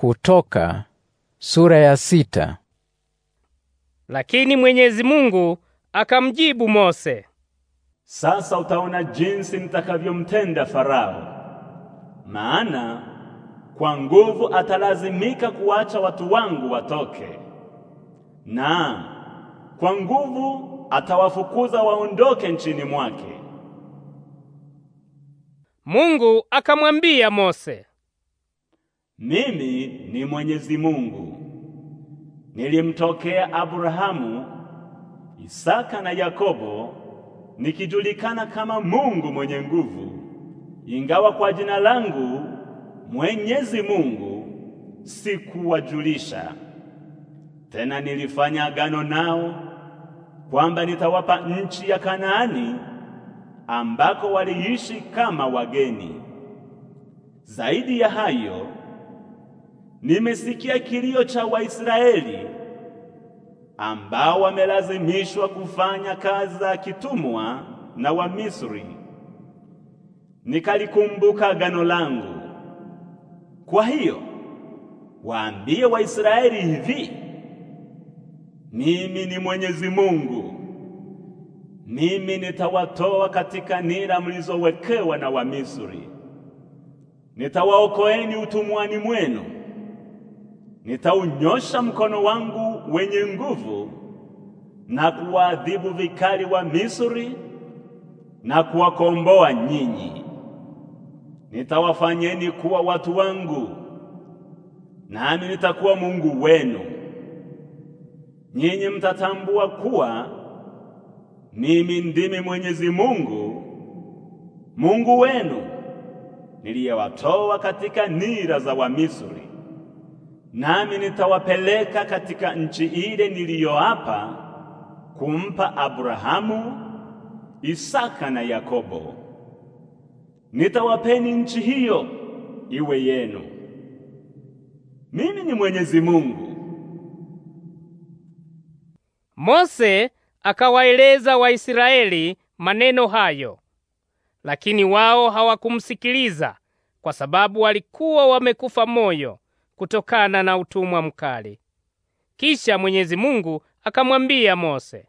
Kutoka sura ya sita. Lakini Mwenyezi Mungu akamjibu Mose, sasa utaona jinsi nitakavyomtenda Farao, maana kwa nguvu atalazimika kuwacha watu wangu watoke, na kwa nguvu atawafukuza waondoke nchini mwake. Mungu akamwambia Mose, mimi ni Mwenyezi Mungu. Nilimtokea Abrahamu, Isaka na Yakobo nikijulikana kama Mungu mwenye nguvu, ingawa kwa jina langu Mwenyezi Mungu sikuwajulisha. Tena nilifanya agano nao kwamba nitawapa nchi ya Kanaani ambako waliishi kama wageni. Zaidi ya hayo Nimesikia kilio cha Waisraeli ambao wamelazimishwa kufanya kazi za kitumwa na Wamisri. Nikalikumbuka agano langu. Kwa hiyo waambie Waisraeli hivi, mimi ni Mwenyezi Mungu. Mimi nitawatoa katika nira mlizowekewa na Wamisri, nitawaokoeni utumwani mwenu nitaunyosha mkono wangu wenye nguvu na kuwaadhibu vikali wa Misri na kuwakomboa nyinyi. Nitawafanyeni kuwa watu wangu, nami na nitakuwa Mungu wenu. Nyinyi mtatambua kuwa mimi ndimi Mwenyezi Mungu Mungu wenu niliyewatoa katika nira za Wamisri nami nitawapeleka katika nchi ile niliyoapa kumpa Abrahamu, Isaka na Yakobo. Nitawapeni nchi hiyo iwe yenu. Mimi ni Mwenyezi Mungu. Mose akawaeleza Waisraeli maneno hayo, lakini wao hawakumsikiliza kwa sababu walikuwa wamekufa moyo kutokana na utumwa mkali. Kisha Mwenyezi Mungu akamwambia Mose,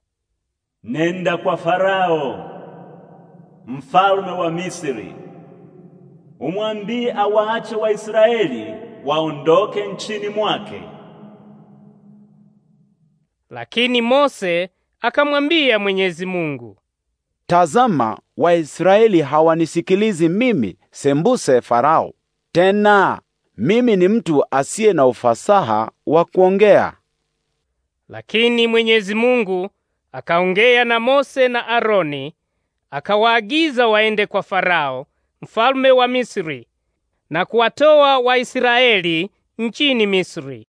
nenda kwa Farao mfalme wa Misri, umwambie awaache Waisraeli waondoke nchini mwake. Lakini Mose akamwambia Mwenyezi Mungu, tazama, Waisraeli hawanisikilizi mimi, sembuse Farao. Tena mimi ni mtu asiye na ufasaha wa kuongea. Lakini Mwenyezi Mungu akaongea na Mose na Aroni, akawaagiza waende kwa Farao mfalme wa Misri na kuwatoa Waisraeli nchini Misri.